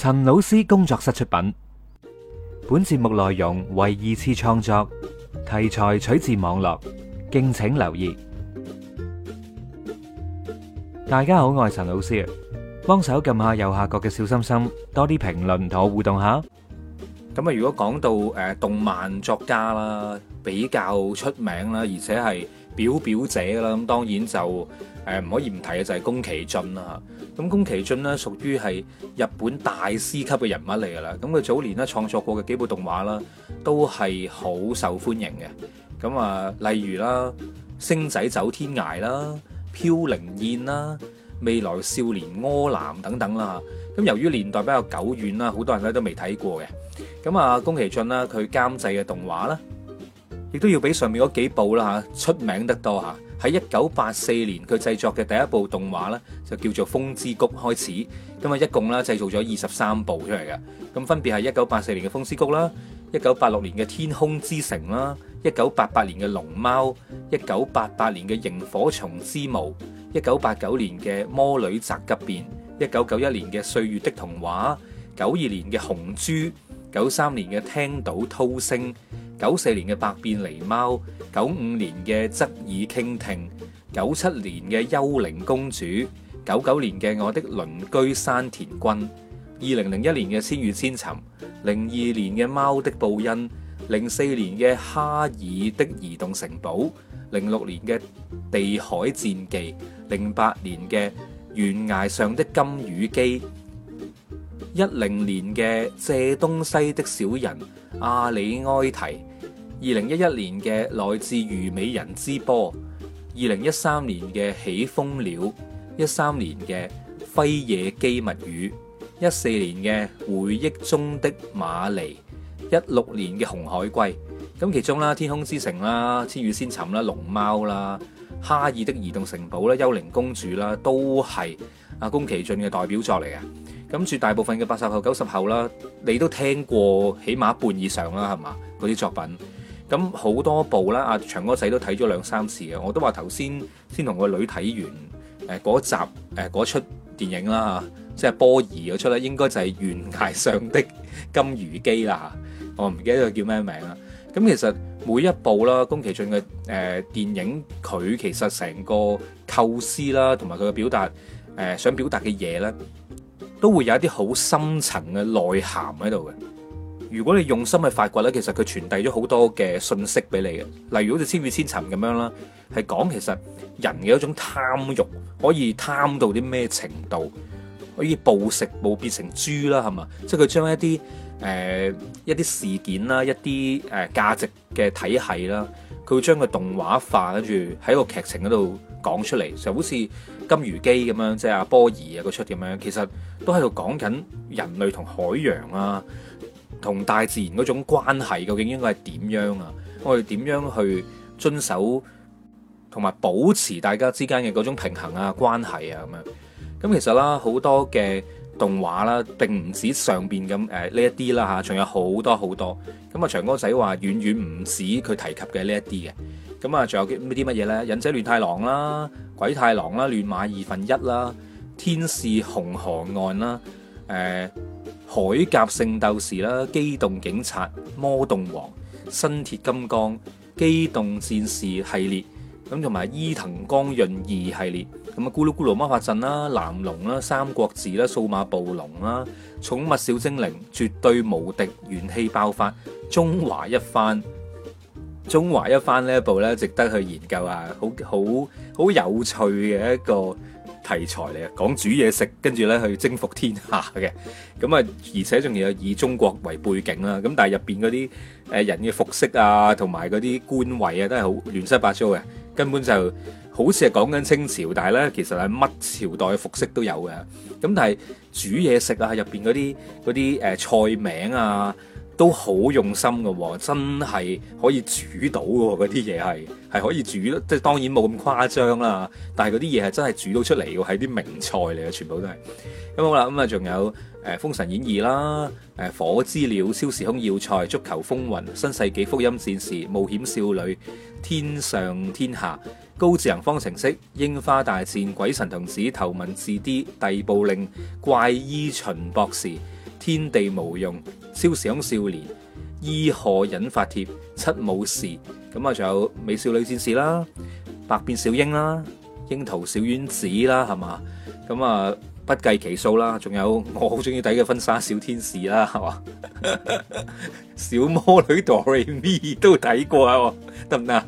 陳老師工作室出品，本節目內容為二次創作，題材取自網絡，敬請留意。大家好，我係陳老師，幫手撳下右下角嘅小心心，多啲評論同我互動下。咁啊，如果講到誒，動漫作家啦，比較出名啦，而且係。表表姐啦，咁當然就誒唔可以唔提嘅就係宮崎駿啦嚇。咁宮崎駿呢，屬於係日本大師級嘅人物嚟㗎啦。咁佢早年咧創作過嘅幾部動畫啦，都係好受歡迎嘅。咁啊，例如啦，《星仔走天涯》啦，《飄零燕》啦，《未來少年柯南》等等啦。咁由於年代比較久遠啦，好多人呢都未睇過嘅。咁啊，宮崎駿啦，佢監製嘅動畫啦。亦都要比上面嗰幾部啦，吓出名得多吓。喺一九八四年佢製作嘅第一部動畫呢，就叫做《風之谷》開始。咁啊，一共啦，製造咗二十三部出嚟嘅。咁分別係一九八四年嘅《風之谷》啦，一九八六年嘅《天空之城》啦，一九八八年嘅《龍貓》，一九八八年嘅《螢火蟲之墓》，一九八九年嘅《魔女宅急便》，一九九一年嘅《歲月的童話》，九二年嘅《紅豬》，九三年嘅《聽到濤聲》。九四年嘅百變狸貓，九五年嘅側耳傾聽，九七年嘅幽靈公主，九九年嘅我的鄰居山田君，二零零一年嘅千與千尋，零二年嘅貓的報恩，零四年嘅哈爾的移動城堡，零六年嘅地海戰記，零八年嘅懸崖上的金魚姬。一零年嘅借東西的小人阿里埃提，二零一一年嘅來自虞美人之波，二零一三年嘅起風了，一三年嘅輝夜姬物語，一四年嘅回憶中的馬尼，一六年嘅紅海龜。咁其中啦，天空之城啦，千與千尋啦，龍貓啦，哈爾的移動城堡啦，幽靈公主啦，都係阿宮崎駿嘅代表作嚟嘅。咁住大部分嘅八十後、九十後啦，你都聽過，起碼一半以上啦，係嘛？嗰啲作品，咁好多部啦，阿長哥仔都睇咗兩三次嘅，我都話頭先先同個女睇完，嗰集嗰出電影啦，即係波兒嗰出咧，應該就係、是《懸崖上的金魚姬》啦，我唔記得佢叫咩名啦。咁其實每一部啦，宮崎駿嘅誒電影，佢其實成個構思啦，同埋佢嘅表達，想表達嘅嘢咧。都會有一啲好深層嘅內涵喺度嘅。如果你用心去發掘咧，其實佢傳遞咗好多嘅信息俾你嘅。例如好似千與千尋咁樣啦，係講其實人嘅一種貪欲，可以貪到啲咩程度，可以暴食暴變成豬啦，係嘛？即係佢將一啲誒、呃、一啲事件啦，一啲誒、呃、價值嘅體系啦，佢會將佢動畫化，跟住喺個劇情嗰度講出嚟，就好似《金魚姬》咁樣，即係阿波兒啊嗰出咁樣，其實都喺度講緊人類同海洋啊，同大自然嗰種關係究竟應該係點樣啊？我哋點樣去遵守同埋保持大家之間嘅嗰種平衡啊、關係啊咁樣。咁其實啦，好多嘅。動畫啦，並唔止上邊咁誒呢一啲啦嚇，仲有好多好多。咁啊祥哥仔話，遠遠唔止佢提及嘅呢一啲嘅。咁啊，仲有啲乜嘢咧？忍者亂太郎啦，鬼太郎啦，亂馬二分一啦，天使紅河岸啦，誒海賊聖鬥士啦，機動警察、魔動王、新鐵金剛、機動戰士系列。咁同埋伊藤光潤二系列，咁啊咕嚕咕嚕魔法陣啦、藍龍啦、三國志啦、數碼暴龍啦、寵物小精靈絕對無敵元氣爆發，中華一番，中華一番呢一部咧，值得去研究啊！好好好有趣嘅一個題材嚟啊，講煮嘢食，跟住咧去征服天下嘅。咁啊，而且仲有以中國為背景啦。咁但係入邊嗰啲誒人嘅服飾啊，同埋嗰啲官位啊，都係好亂七八糟嘅。根本就好似係講緊清朝，但係咧其實係乜朝代服飾都有嘅。咁但係煮嘢食啊，入邊嗰啲嗰啲誒菜名啊，都好用心㗎喎，真係可以煮到喎，嗰啲嘢係係可以煮，即係當然冇咁誇張啦。但係嗰啲嘢係真係煮到出嚟嘅喎，係啲名菜嚟嘅，全部都係。咁好啦，咁啊仲有誒《封神演義》啦，誒《火之鳥》、《超時空要塞》、《足球風雲》、《新世紀福音戰士》、《冒險少女》、《天上天下》、《高智能方程式》、《櫻花大戰》、《鬼神童子》、《頭文字 D》、《帝布令》、《怪醫秦博士》。天地無用，超想少年，伊何引發帖？七武士咁啊，仲有美少女戰士啦，百變小櫻啦，櫻桃小丸子啦，係嘛？咁啊，不計其數啦，仲有我好中意睇嘅婚紗小天使啦，係嘛？ 小魔女 Doremi 都睇過啊，得唔得啊？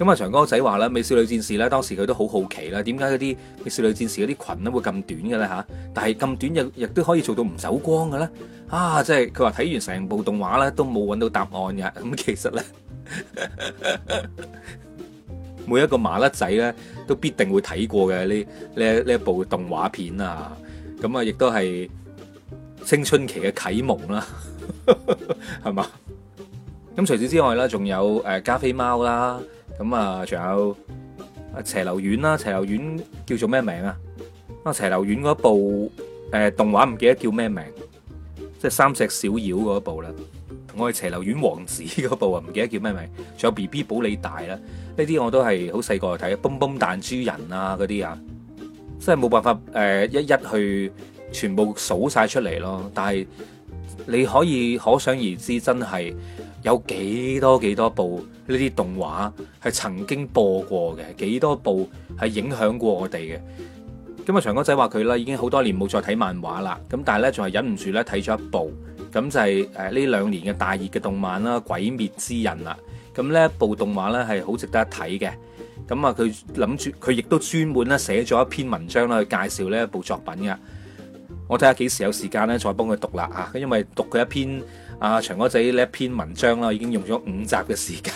咁啊，長江仔話啦，《美少女戰士》咧，當時佢都好好奇啦，點解啲美少女戰士嗰啲裙咧會咁短嘅咧嚇？但係咁短又亦都可以做到唔走光嘅咧？啊，即係佢話睇完成部動畫咧，都冇揾到答案嘅。咁其實咧， 每一個麻甩仔咧都必定會睇過嘅呢呢呢一部動畫片啊。咁啊，亦都係青春期嘅啟蒙啦，係 嘛？咁除此之外咧，仲有誒加菲貓啦。咁啊，仲有啊，邪流丸啦，斜流丸叫做咩名啊？啊，邪流丸嗰部誒、呃、動畫唔記得叫咩名，即係三隻小妖嗰部啦。我係斜流丸王子嗰部啊，唔記得叫咩名。仲有 B B 保你大啦，呢啲我都係好細個去睇，蹦蹦彈珠人啊嗰啲啊，真係冇辦法誒、呃、一一去全部數晒出嚟咯。但係你可以可想而知，真係。有幾多幾多部呢啲動畫係曾經播過嘅？幾多部係影響過我哋嘅？咁啊，祥哥仔話佢啦，已經好多年冇再睇漫畫啦。咁但係咧，仲係忍唔住咧睇咗一部。咁就係誒呢兩年嘅大熱嘅動漫啦，《鬼滅之刃》啦。咁呢一部動畫咧係好值得睇嘅。咁啊，佢諗住佢亦都專門咧寫咗一篇文章啦，去介紹呢一部作品嘅。我睇下幾時有時間咧，再幫佢讀啦吓。因為讀佢一篇阿、啊、祥哥仔呢一篇文章啦，已經用咗五集嘅時間。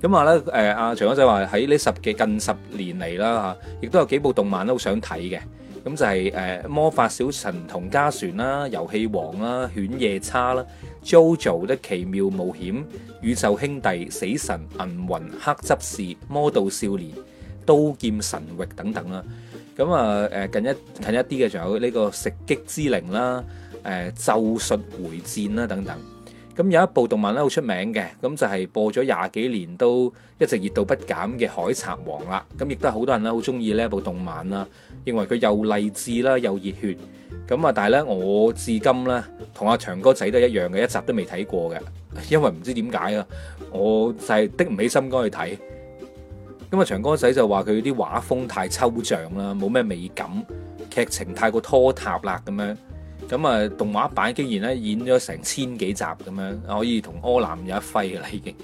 咁話咧，誒、啊，阿祥哥仔話喺呢十幾近十年嚟啦吓，亦、啊、都有幾部動漫都好想睇嘅。咁就係、是、誒、啊、魔法小神童賈修啦，遊戲王啦，犬夜叉啦，JoJo 的奇妙冒險，宇宙兄弟，死神，銀魂，黑執事，魔導少年，刀劍神域等等啦。咁啊，誒近一近一啲嘅，仲有呢個食擊之靈啦，誒咒術迴戰啦等等。咁有一部動漫咧，好出名嘅，咁就係播咗廿幾年都一直熱度不減嘅《海賊王》啦。咁亦都係好多人咧，好中意呢一部動漫啦，認為佢又勵志啦，又熱血。咁啊，但係咧，我至今咧，同阿長哥仔都一樣嘅，一集都未睇過嘅，因為唔知點解啊，我就係的唔起心肝去睇。咁啊，祥哥仔就話佢啲畫風太抽象啦，冇咩美感，劇情太過拖沓啦咁樣。咁啊，動畫版竟然咧演咗成千幾集咁樣，可以同柯南有一揮噶啦已經。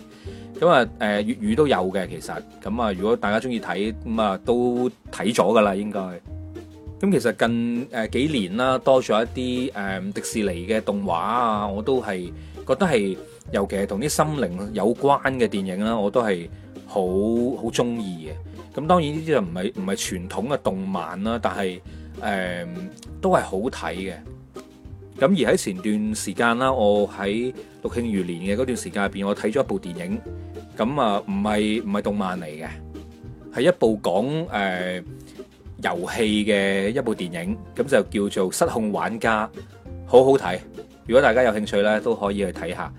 咁啊，誒粵語都有嘅其實。咁啊，如果大家中意睇咁啊，都睇咗噶啦應該。咁其實近誒幾年啦，多咗一啲誒迪士尼嘅動畫啊，我都係覺得係，尤其係同啲心靈有關嘅電影啦，我都係。好好中意嘅，咁當然呢啲就唔係唔係傳統嘅動漫啦，但係誒、呃、都係好睇嘅。咁而喺前段時間啦，我喺六慶餘年嘅嗰段時間入邊，我睇咗一部電影，咁啊唔係唔係動漫嚟嘅，係一部講誒、呃、遊戲嘅一部電影，咁就叫做《失控玩家》，很好好睇。如果大家有興趣咧，都可以去睇下。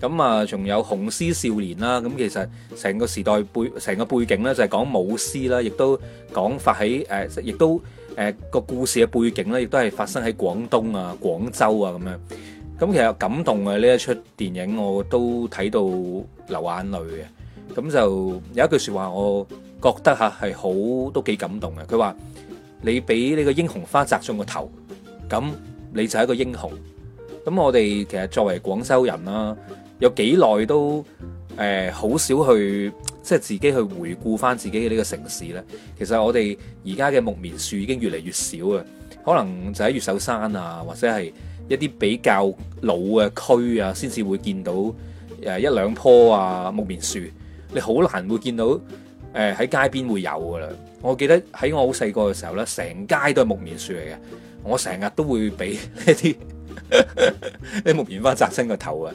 咁啊，仲有《雄獅少年》啦，咁其實成個時代背，成個背景咧就係講舞獅啦，亦都講發喺誒亦都誒個故事嘅背景咧，亦都係發生喺廣東啊、廣州啊咁樣。咁其實感動啊，呢一出電影，我都睇到流眼淚嘅。咁就有一句說話，我覺得吓係好都幾感動嘅。佢話：「你俾呢個英雄花砸中個頭，咁你就係一個英雄。」咁我哋其實作為廣州人啦。有幾耐都誒，好、呃、少去即係自己去回顧返自己嘅呢個城市呢。其實我哋而家嘅木棉樹已經越嚟越少啊。可能就喺越秀山啊，或者係一啲比較老嘅區啊，先至會見到誒一兩棵啊木棉樹。你好難會見到誒喺、呃、街邊會有㗎喇。我記得喺我好細個嘅時候呢，成街都係木棉樹嚟嘅。我成日都會俾呢啲呢木棉花扎親個頭啊！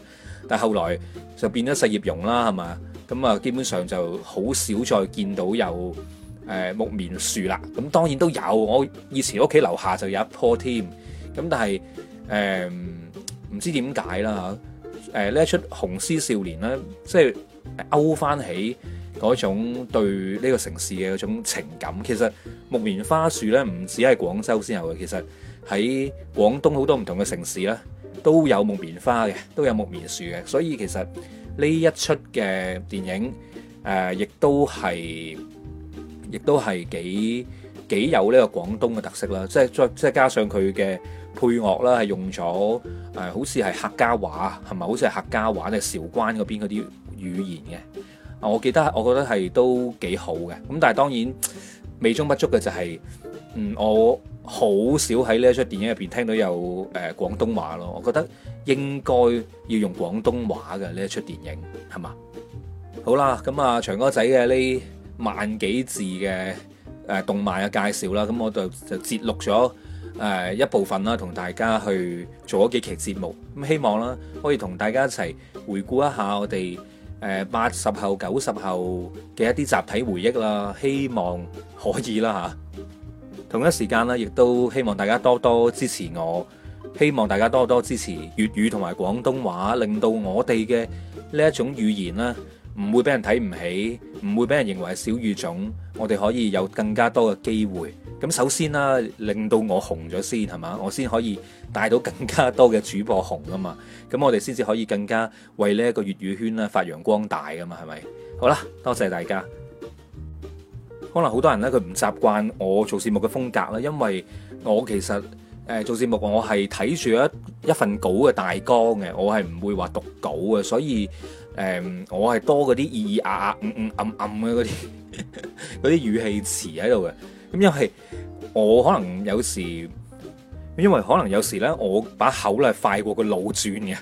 但後來就變咗細葉榕啦，係嘛？咁啊，基本上就好少再見到有誒、呃、木棉樹啦。咁當然都有，我以前屋企樓下就有一棵添。咁但係誒唔知點解啦嚇。誒、呃、呢一出《雄獅少年》咧，即係勾翻起嗰種對呢個城市嘅嗰種情感。其實木棉花樹咧，唔止喺廣州先有嘅，其實喺廣東好多唔同嘅城市咧。都有木棉花嘅，都有木棉樹嘅，所以其實呢一出嘅電影，誒、呃，亦都係，亦都係幾幾有呢個廣東嘅特色啦，即係再即係加上佢嘅配樂啦，係用咗誒、呃，好似係客家話，係咪？好似係客家話定韶關嗰邊嗰啲語言嘅，我記得，我覺得係都幾好嘅。咁但係當然，美中不足嘅就係、是，嗯，我。好少喺呢一出電影入邊聽到有誒廣東話咯，我覺得應該要用廣東話嘅呢一出電影係嘛？好啦，咁啊祥哥仔嘅呢萬幾字嘅誒動漫嘅介紹啦，咁我就就節錄咗誒一部分啦，同大家去做咗幾期節目，咁希望啦可以同大家一齊回顧一下我哋誒八十後、九十後嘅一啲集體回憶啦，希望可以啦嚇。同一時間呢亦都希望大家多多支持我，希望大家多多支持粵語同埋廣東話，令到我哋嘅呢一種語言呢唔會俾人睇唔起，唔會俾人認為係小語種，我哋可以有更加多嘅機會。咁首先啦，令到我紅咗先係嘛，我先可以帶到更加多嘅主播紅啊嘛。咁我哋先至可以更加為呢一個粵語圈啦發揚光大啊嘛，係咪？好啦，多謝大家。可能好多人咧，佢唔習慣我做節目嘅風格啦，因為我其實誒做節目，我係睇住一一份稿嘅大綱嘅，我係唔會話讀稿嘅，所以誒、嗯、我係多嗰啲咿咿啊啊、嗯嗯暗暗嘅嗰啲啲語氣詞喺度嘅。咁因為我可能有時，因為可能有時咧，我把口咧快過個腦轉嘅。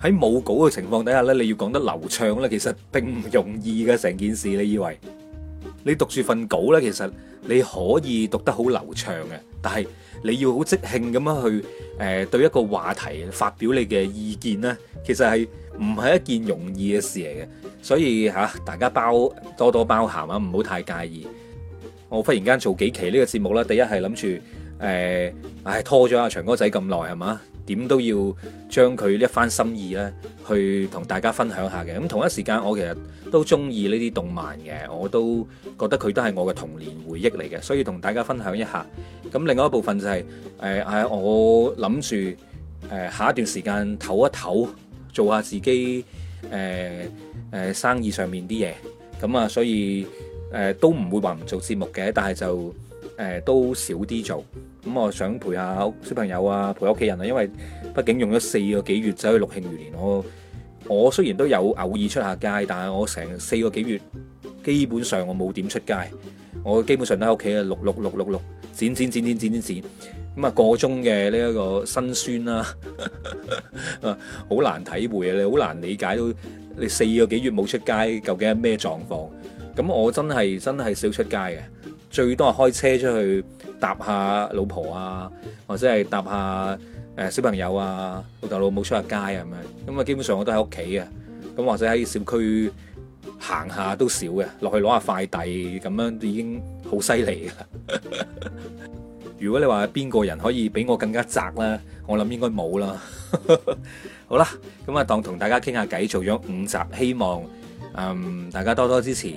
喺冇稿嘅情況底下咧，你要講得流暢咧，其實並唔容易嘅成件事，你以為？你讀住份稿呢，其實你可以讀得好流暢嘅，但係你要好即興咁樣去誒、呃、對一個話題發表你嘅意見呢，其實係唔係一件容易嘅事嚟嘅，所以嚇、啊、大家包多多包涵啊，唔好太介意。我忽然間做幾期呢個節目啦，第一係諗住誒，唉、呃哎、拖咗阿長哥仔咁耐係嘛？點都要將佢呢一番心意咧，去同大家分享下嘅。咁同一時間，我其實都中意呢啲動漫嘅，我都覺得佢都係我嘅童年回憶嚟嘅，所以同大家分享一下。咁另外一部分就係、是、誒、呃，我諗住誒下一段時間唞一唞，做下自己誒誒、呃呃、生意上面啲嘢。咁啊，所以誒、呃、都唔會話唔做節目嘅，但係就。誒，都少啲做，咁，嗯，我想陪下小朋友啊，陪下屋企人啊，因為畢竟用咗四個幾月走去六慶餘年，我我雖然都有偶爾出下街，但係我成四個幾月基本上我冇點出街，我基本上都喺屋企啊，六六六六六，剪剪剪剪剪剪，剪，剪，剪。咁啊個中嘅呢一個辛酸啦，啊，好難體會啊，你好難理解到你四個幾月冇出街究竟係咩狀況？咁我真係真係少出街嘅。最多係開車出去搭下老婆啊，或者係搭下誒小朋友啊、老豆老母出下街啊，咁啊，基本上我都喺屋企嘅，咁或者喺小區行下都少嘅，落去攞下快遞咁樣都已經好犀利啦。 如果你話邊個人可以畀我更加宅咧？我諗應該冇啦。 好啦，咁啊，當同大家傾下偈，做咗五集，希望嗯大家多多支持。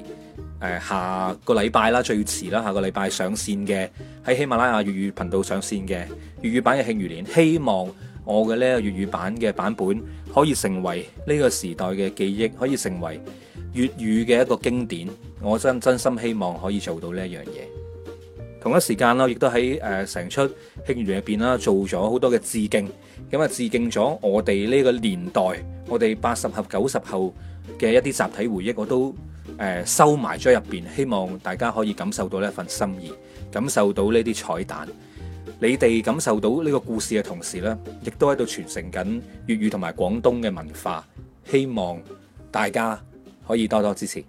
誒下個禮拜啦，最遲啦，下個禮拜上線嘅喺喜馬拉雅粵語頻道上線嘅粵語版嘅《慶餘年》，希望我嘅呢個粵語版嘅版本可以成為呢個時代嘅記憶，可以成為粵語嘅一個經典。我真真心希望可以做到呢一樣嘢。同一時間啦，亦都喺成出《慶餘年》入邊啦，做咗好多嘅致敬，咁啊致敬咗我哋呢個年代，我哋八十合九十後嘅一啲集體回憶，我都，誒，收埋咗入邊，希望大家可以感受到呢份心意，感受到呢啲彩蛋。你哋感受到呢個故事嘅同時呢，亦都喺度傳承緊粵語同埋廣東嘅文化。希望大家可以多多支持。